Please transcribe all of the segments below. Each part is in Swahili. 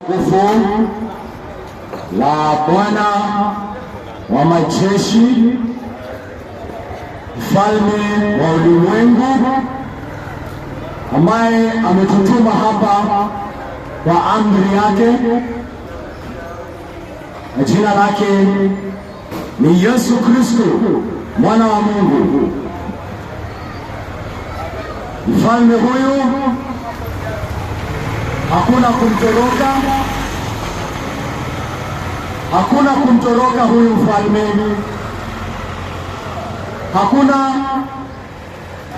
Tukufu la Bwana wa majeshi, mfalme wa ulimwengu, ambaye ametutuma hapa kwa amri yake. Na jina lake ni Yesu Kristo, mwana wa Mungu. Mfalme huyu hakuna kumtoroka, hakuna kumtoroka huyu mfalme, hakuna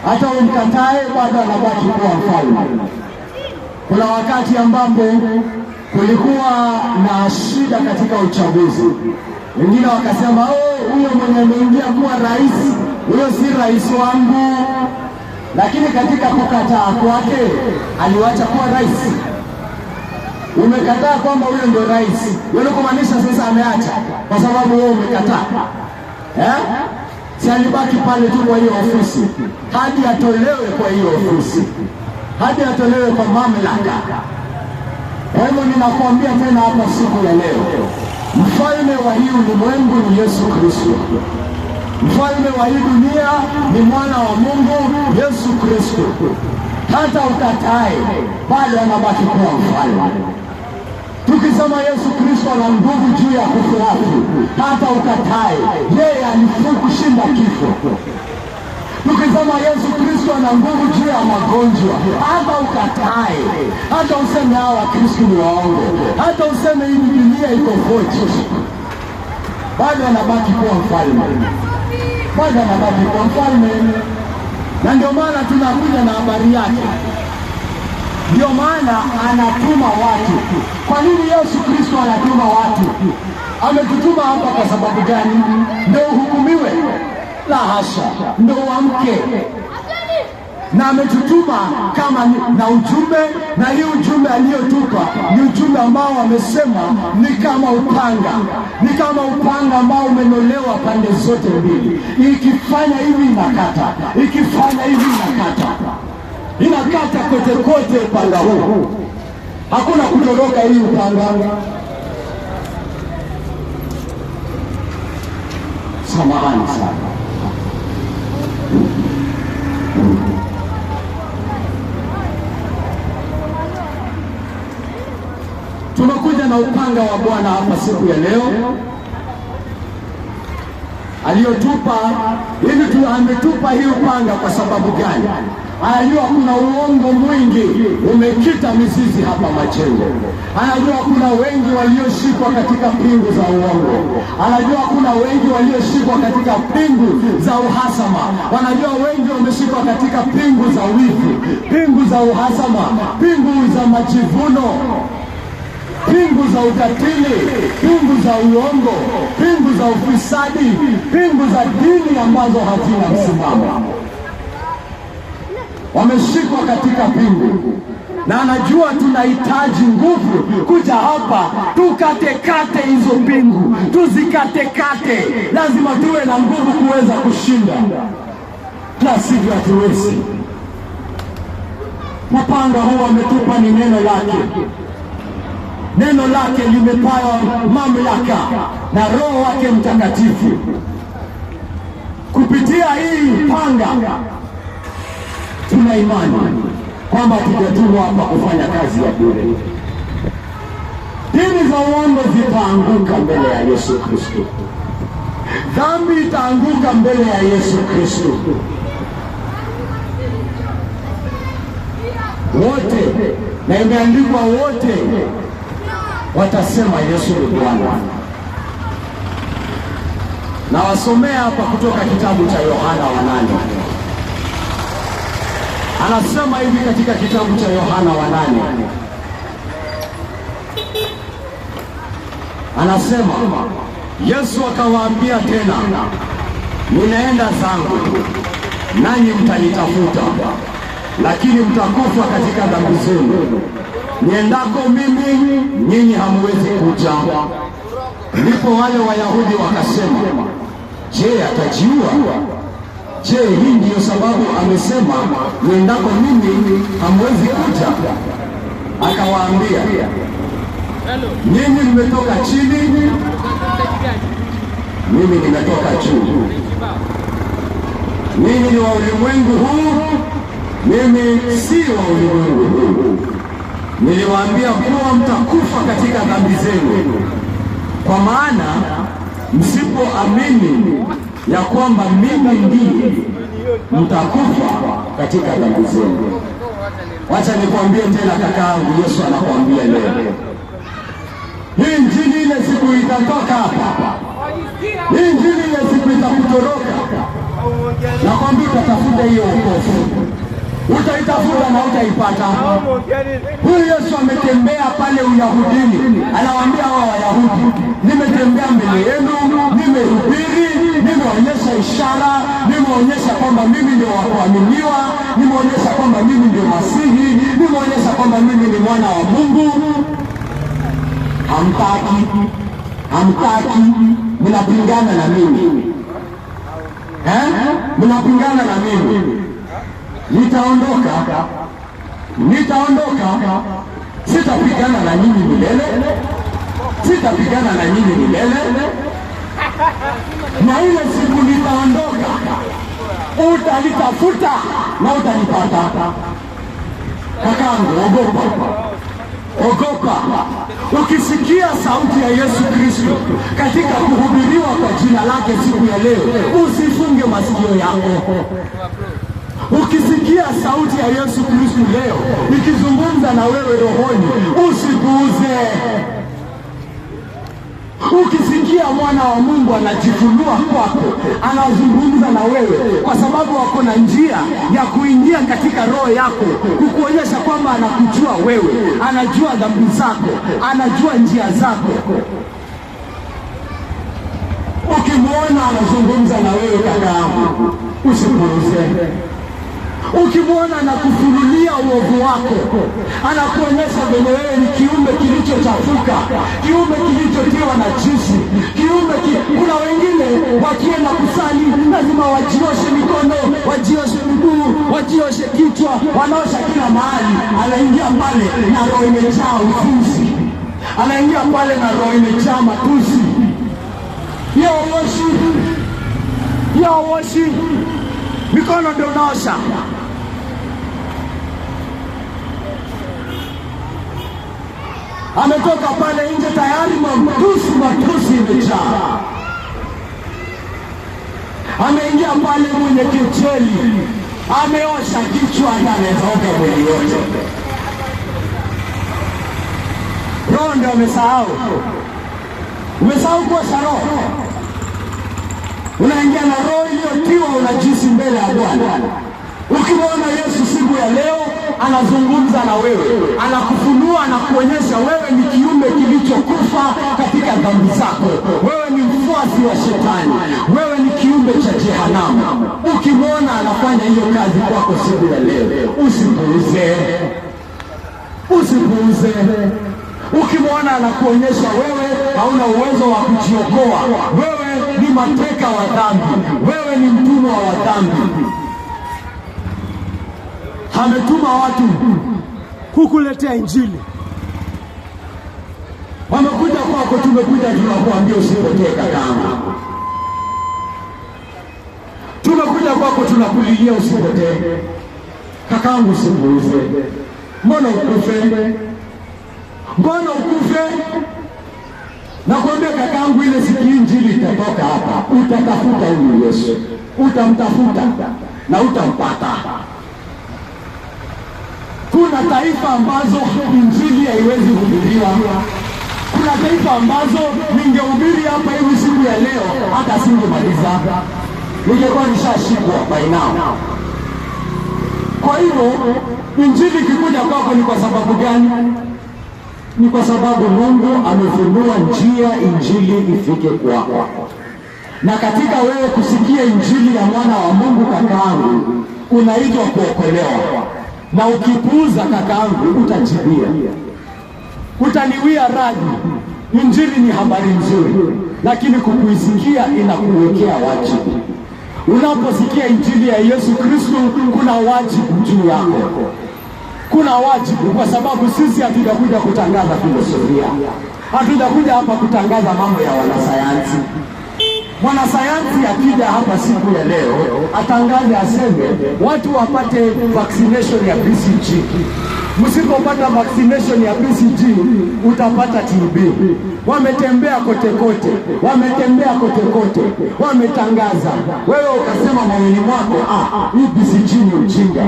hata umkatae, bado anabaki kuwa mfalme. Kuna wakati ambapo kulikuwa na shida katika uchaguzi, wengine wakasema oh, huyo mwenye ameingia kuwa rais, huyo si rais wangu. Lakini katika kukataa kwake aliwacha kuwa rais umekataa kwamba huyo ndio rais, wewe yaani kumaanisha sasa ameacha kwa sababu wewe umekataa eh? Si alibaki pale tu kwa hiyo ofisi hadi atolewe kwa hiyo ofisi hadi atolewe kwa mamlaka. Kwa hivyo ninakuambia tena hapa siku ya leo, mfalme wa hii ulimwengu ni Yesu Kristo. Mfalme wa hii dunia ni mwana wa Mungu Yesu Kristo. Hata ukatae, bado anabaki kuwa mfalme. Tukisema Yesu Kristo ana nguvu juu ya kufa wake, hata ukatae, yeye alifuu kushinda kifo. Tukisema Yesu Kristo ana nguvu juu ya magonjwa, hata ukatae, hata useme hawa Wakristo ni waongo, hata useme hii dunia iko foji, bado anabaki kuwa mfalme, bado anabaki kuwa mfalme, na ndio maana tunakuja na habari yake. Ndio maana anatuma watu. Kwa nini Yesu Kristo anatuma watu? Ametutuma hapa kwa sababu gani? Ndio uhukumiwe? La hasha, ndio uamke na ametutuma kama na ujumbe na hii ujumbe aliyotupa ni ujumbe ambao amesema ni kama upanga, ni kama upanga ambao umenolewa pande zote mbili, ikifanya hivi inakata, ikifanya hivi inakata inakata kote kote upanga huu, hakuna kutoroka hii upanga. Samahani sana. tumakuja na upanga wa Bwana hapa siku ya leo aliyotupa hivi tu, ametupa hii upanga kwa sababu gani? Anajua kuna uongo mwingi umekita mizizi hapa Majengo. Anajua kuna wengi walioshikwa katika pingu za uongo. Anajua kuna wengi walioshikwa katika pingu za uhasama. Wanajua wengi wameshikwa katika pingu za wivu, pingu za uhasama, pingu za majivuno pingu za ukatili, pingu za uongo, pingu za ufisadi, pingu za dini ambazo hazina msimamo. Wameshikwa katika pingu na anajua tunahitaji nguvu kuja hapa tukatekate hizo pingu, tuzikatekate. Lazima tuwe na nguvu kuweza kushinda, la sivyo hatuwezi. Mapanga huu ametupa ni neno lake neno lake limepaya mamlaka na Roho wake Mtakatifu kupitia hii panga. Tuna imani kwamba tutatumwa hapa kufanya kazi ya bure. Dini za uongo zitaanguka mbele ya Yesu Kristo, dhambi itaanguka mbele ya Yesu Kristo. Wote na imeandikwa wote watasema Yesu ni Bwana. Nawasomea hapa kutoka kitabu cha Yohana wanane anasema hivi katika kitabu cha Yohana wanane anasema Yesu akawaambia tena, ninaenda zangu nanyi mtanitafuta, lakini mtakufa katika dhambi zenu niendako mimi, nyinyi hamwezi kuja. Ndipo wale Wayahudi wakasema, je, atajiua? Je, hii ndiyo sababu amesema niendako mimi hamwezi kuja? Akawaambia, nyinyi mmetoka chini, mimi nimetoka juu. Ninyi ni wa ulimwengu huu, mimi si wa ulimwengu huu niliwaambia kuwa mtakufa katika dhambi zenu, kwa maana msipoamini ya kwamba mimi ndiye, mtakufa katika dhambi zenu. Wacha nikwambie tena kakaangu, Yesu anakwambia leo hii Injili ile siku itatoka hapa, hii Injili ile siku itakutoroka. Nakwambia utatafuta hiyo ukofu, utaitafuta na utaipata kule Uyahudini, anawaambia hawa Wayahudi, nimetembea mbele yenu, nimehubiri, nimeonyesha ishara, nimeonyesha kwamba mimi ndio wakuaminiwa nimeonyesha kwamba mimi ndio Masihi, nimeonyesha kwamba mimi ni mwana wa Mungu. Hamtaki, hamtaki, mnapingana na mimi eh? Mnapingana na mimi, nitaondoka, nitaondoka sitapigana na nyinyi milele, sitapigana na nyinyi milele, na ile siku nitaondoka, utalitafuta na utalipata. Kakangu, ogopa, ogopa. Ukisikia sauti ya Yesu Kristo katika kuhubiriwa kwa jina lake siku ya leo, usifunge masikio yako. Ukisikia sauti ya Yesu Kristu leo ikizungumza na wewe rohoni, usipuuze. Ukisikia mwana wa Mungu anajifunua kwako, anazungumza na wewe, kwa sababu wako na njia ya kuingia katika roho yako, kukuonyesha kwamba anakujua wewe, anajua dhambi zako, anajua njia zako. Ukimwona anazungumza na wewe, kaka yangu, usipuuze. Ukimwona anakufunulia uovu wako, anakuonyesha vyenye wewe ni kiumbe kilichochafuka, kiumbe kilichotiwa na chizi, kiumbe ki... kuna wengine wakienda kusali lazima wajioshe mikono, wajioshe miguu, wajioshe kichwa, wanaosha kila mahali. Anaingia pale na roho imejaa ufuzi, anaingia pale na roho imejaa matusi. Yaoshi, yaoshi mikono ndio unaosha ametoka pale nje tayari matusi matusi imejaa, ameingia pale mwenye kicheli, ameosha kichwa, na amezoga mwili yote. Roho ndio amesahau, umesahau kuosha roho. Unaingia na roho iliyotiwa, unajisi mbele ya Bwana. Ukimwona Yesu siku ya leo anazungumza na wewe, anakufunua na kuonyesha wewe ni kiumbe kilichokufa katika dhambi zako, wewe ni mfuasi wa Shetani, wewe ni kiumbe cha jehanamu. Ukimwona anafanya hiyo kazi kwako siku ya leo, usipuuze, usipuuze. Ukimwona anakuonyesha wewe hauna uwezo wa kujiokoa, wewe ni mateka wa dhambi. ametuma watu kukuletea Injili. Wamekuja kwako, tumekuja tunakuambia usipotee kakaangu, tumekuja kwako tunakulilia usipotee kakaangu, usipuuze. Mbona ukufe? Mbona ukufe? Nakwambia kakaangu, ile siku injili itatoka hapa, utatafuta huyu Yesu, utamtafuta na utampata kuna taifa ambazo injili haiwezi kuhubiriwa. Kuna taifa ambazo ningehubiri hapa hivi siku ya leo, hata singemaliza, ningekuwa nishashikwa by now. Kwa hivyo injili ikikuja kwako ni kwa sababu gani? Ni kwa sababu Mungu amefunua njia injili ifike kwako, na katika wewe kusikia injili ya mwana wa Mungu, kakaangu, unaitwa kuokolewa na ukipuuza kakaangu, utajibia, utaniwia radi. Injili ni habari nzuri, lakini kukuisikia inakuwekea wajibu. Unaposikia injili ya Yesu Kristo, kuna wajibu juu yako, kuna wajibu, kwa sababu sisi hatujakuja kutangaza filosofia, hatujakuja hapa kutangaza mambo ya wanasayansi. Mwanasayansi akija hapa siku ya leo atangaze, aseme watu wapate vaccination ya BCG. Msipopata vaccination ya BCG utapata TB. Wametembea kote kote, wametembea kote kote, wametangaza. Wewe ukasema moyoni mwako, ah, ah hii BCG ni ujinga.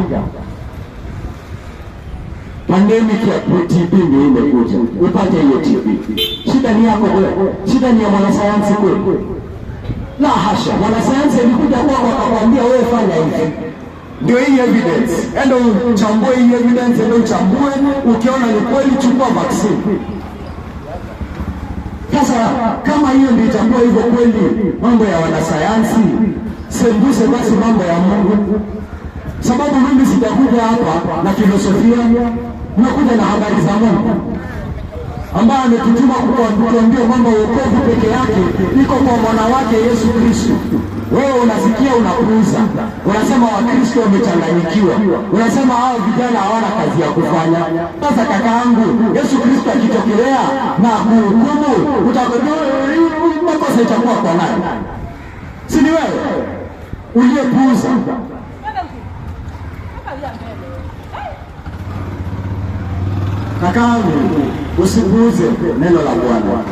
Pandemic ya TB ndio imekuja, upate hiyo TB. Shida ni yako wewe, shida ni ya mwanasayansi kwe. La hasha. Wanasayansi walikuja kwako wakakwambia wewe fanya hivi. Ndio hii evidence. endo uchambue hii evidence, endo uchambue, ukiona ni kweli chukua vaksini Sasa kama hiyo ndio itakuwa hivyo kweli, mambo ya wanasayansi, sembuse basi mambo ya Mungu, sababu mimi sitakuja hapa na filosofia, nakuja na habari za Mungu ambaye ametutuma kutuambia kwamba wokovu peke yake iko kwa mwana wake Yesu Kristo. Wewe unasikia unapuuza, unasema Wakristo wamechanganyikiwa, unasema hao vijana hawana kazi ya kufanya. Sasa kaka yangu, Yesu Kristo akitokelea na kuhukumu, makosa itakuwa kwa nani? Si ni wewe uliyepuuza? kakangu, kangu, usipuuze neno la Bwana,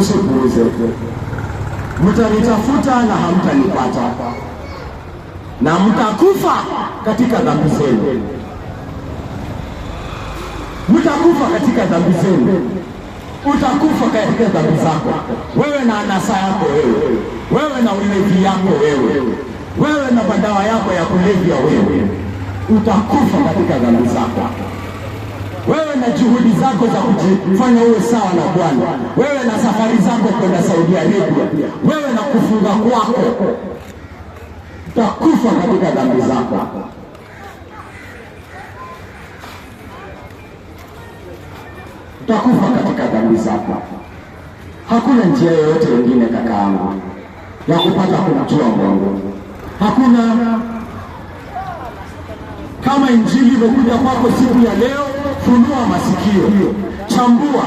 usipuuze. Mtanitafuta na hamtanipata, na mtakufa katika dhambi zenu, mtakufa katika dhambi zenu utakufa katika dhambi zako, wewe na anasa yako wewe, wewe na ulevi yako wewe, wewe na madawa yako ya kulevya wewe, utakufa katika dhambi zako wewe na juhudi zako za kujifanya uwe sawa na Bwana, wewe na safari zako kwenda Saudi Arabia, wewe na kufunga kwako, utakufa katika dhambi zako. Utakufa katika dhambi zako. Hakuna njia yoyote nyingine kakaangu ya kupata kumjua Mungu, hakuna. Kama injili imekuja kwako siku ya leo funua masikio, chambua,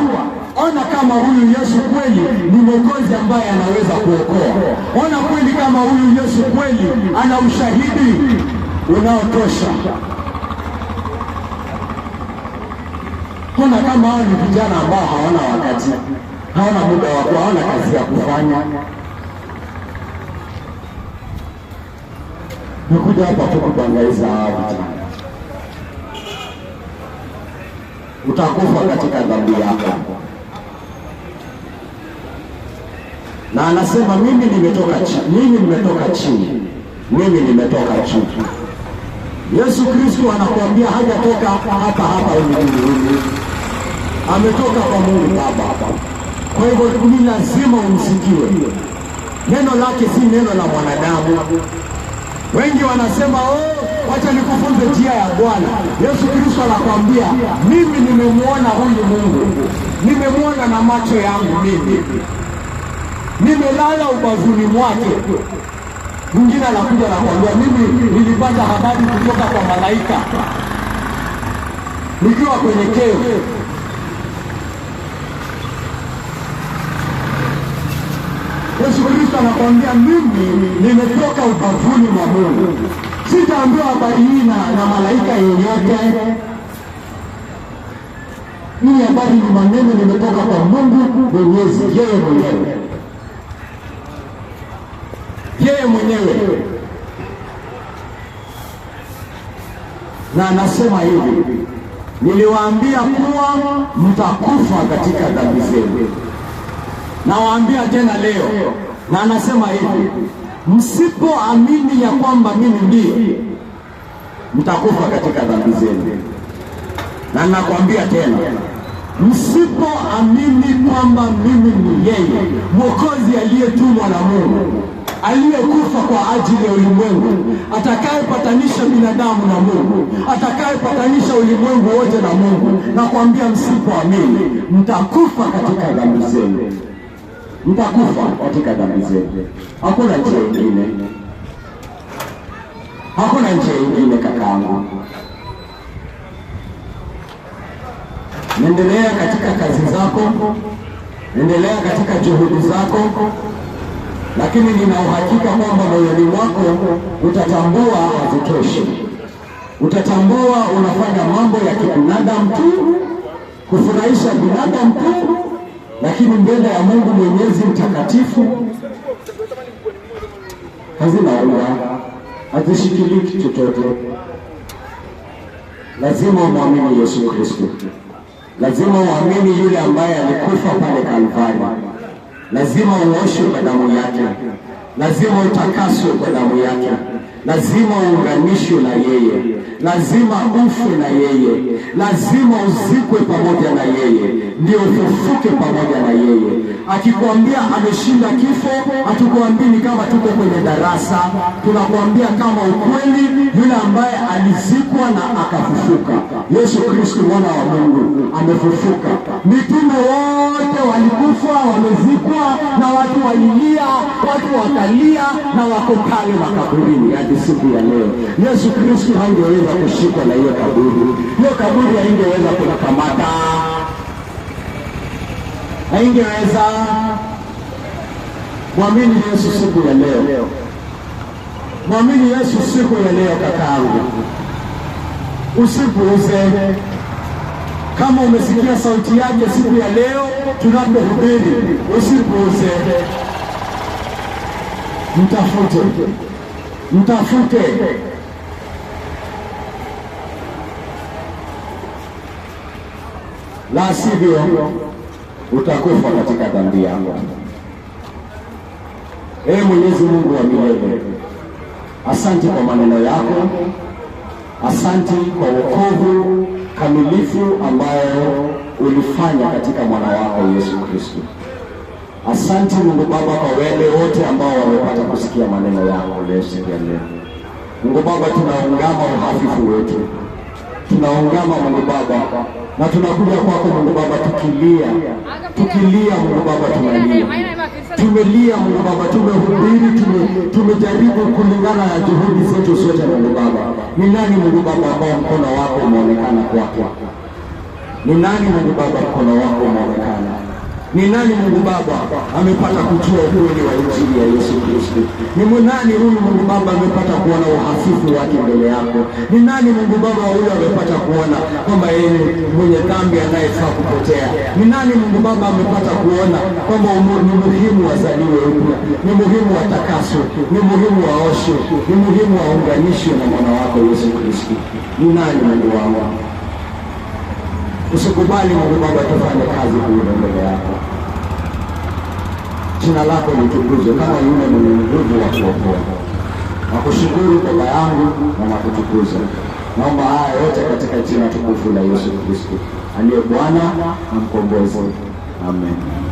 ona kama huyu Yesu kweli ni mwokozi ambaye anaweza kuokoa. Ona kweli kama huyu Yesu kweli ana ushahidi unaotosha. Ona kama hao ni vijana ambao hawana wakati, hawana muda wa, hawana kazi ya kufanya. Nikuja hapa tu kubangaiza vijana utakufa katika dhambi yako. Na anasema mimi nimetoka chini, mimi nimetoka chini, mimi nimetoka chini. Yesu Kristo anakuambia hajatoka hapa hapa ulimwenguni, ametoka kwa Mungu Baba. Kwa hivyo ni lazima umsikiwe. Neno lake si neno la mwanadamu. Wengi wanasema oh, wacha nikufunze njia ya Bwana. Yesu Kristo anakwambia mimi nimemwona huyu Mungu, nimemwona na macho yangu mimi, nimelala ubavuni mwake. Mwingine anakuja nakwambia, mimi nilipata habari kutoka kwa malaika nikiwa kwenye keo Yesu anakwambia mimi nimetoka ubavuni mwa Mungu, sitaambiwa habari hii na, na malaika yeyote. Hii habari ni maneno, nimetoka kwa Mungu Mwenyezi, yeye mwenyewe, yeye mwenyewe, na anasema hivi, niliwaambia kuwa mtakufa katika dhambi zenu nawaambia tena leo, na anasema hivi, msipoamini ya kwamba mimi ndiye, mtakufa katika dhambi zenu. Na nakwambia tena, msipoamini kwamba mimi ni yeye mwokozi aliyetumwa na Mungu aliyekufa kwa ajili ya ulimwengu, atakayepatanisha binadamu na Mungu, atakayepatanisha ulimwengu wote na Mungu, nakwambia msipoamini mtakufa katika dhambi zenu mtakufa katika dhambi zenu. Hakuna njia ingine, hakuna njia ingine kakaangu. Endelea katika kazi zako, endelea katika juhudi zako, lakini nina uhakika kwamba moyoni mwako utatambua hazitoshi. Utatambua unafanya mambo ya kibinadamu tu, kufurahisha binadamu tu lakini mbele ya Mungu Mwenyezi mtakatifu hazina ua, hazishikilii kitu chochote. Lazima umwamini Yesu Kristo, lazima uamini yule ambaye alikufa pale Kalvari, lazima uoshwe kwa damu yake, lazima utakaswe kwa damu yake lazima uunganishwe na yeye, lazima ufe na yeye, lazima uzikwe pamoja na yeye, ndio ufufuke pamoja na yeye. Akikwambia ameshinda kifo, hatukuambii kama tuko kwenye darasa, tunakuambia kama ukweli, yule ambaye alizikwa na akafufuka. Yesu Kristo mwana wa Mungu amefufuka, mitume wao walilia, watu wakalia na wako pale makaburini hadi siku ya leo. Yesu Kristo haingeweza kushikwa na hiyo kaburi, hiyo kaburi haingeweza kunakamata, haingeweza. Mwamini Yesu siku ya leo, mwamini Yesu siku ya leo, kakaangu, usipuuze kama umesikia sauti yake siku ya leo tunapohubiri, usipuuze mtafute, mtafute. La sivyo utakufa katika dhambi yako. Ee Mwenyezi Mungu wa milele, asante kwa maneno yako, asante kwa wokovu kamilifu ambayo ulifanya katika mwana wako Yesu Kristo. Asante Mungu Baba kwa wale wote ambao wamepata kusikia maneno yako leo siku ya leo. Mungu Baba, tunaungama uhafifu wetu, tunaungama Mungu Baba, na tunakuja kwako Mungu Baba tukilia, tukilia Mungu Baba, tunalia, tumelia Mungu Baba, tumehubiri, tumejaribu kulingana na juhudi zetu zote Mungu Baba. Ni nani Mungu Baba ambao mkono wako umeonekana kwako? Ni nani Mungu Baba mkono wako umeonekana ni nani Mungu Baba amepata kujua ukweli wa injili ya Yesu Kristo? Ni nani huyu Mungu Baba amepata kuona uhasifu wake mbele yako? Ni nani Mungu Baba huyu amepata kuona kwamba yeye mwenye dhambi anayefaa kupotea? Ni nani Mungu Baba amepata kuona kwamba ni muhimu wazaliwe upya, ni muhimu watakaswe, ni muhimu waoshwe, ni muhimu waunganishwe na mwana wako Yesu Kristo? Ni nani Mungu wangu? Usikubali Mungu Baba tufanye kazi kuile mbele yako. Jina lako litukuzwe kama yule mwenye nguvu wa kuokoa. Nakushukuru Baba yangu na nakutukuza. Naomba haya yote katika jina tukufu la Yesu Kristo aliye Bwana na Mkombozi, amen.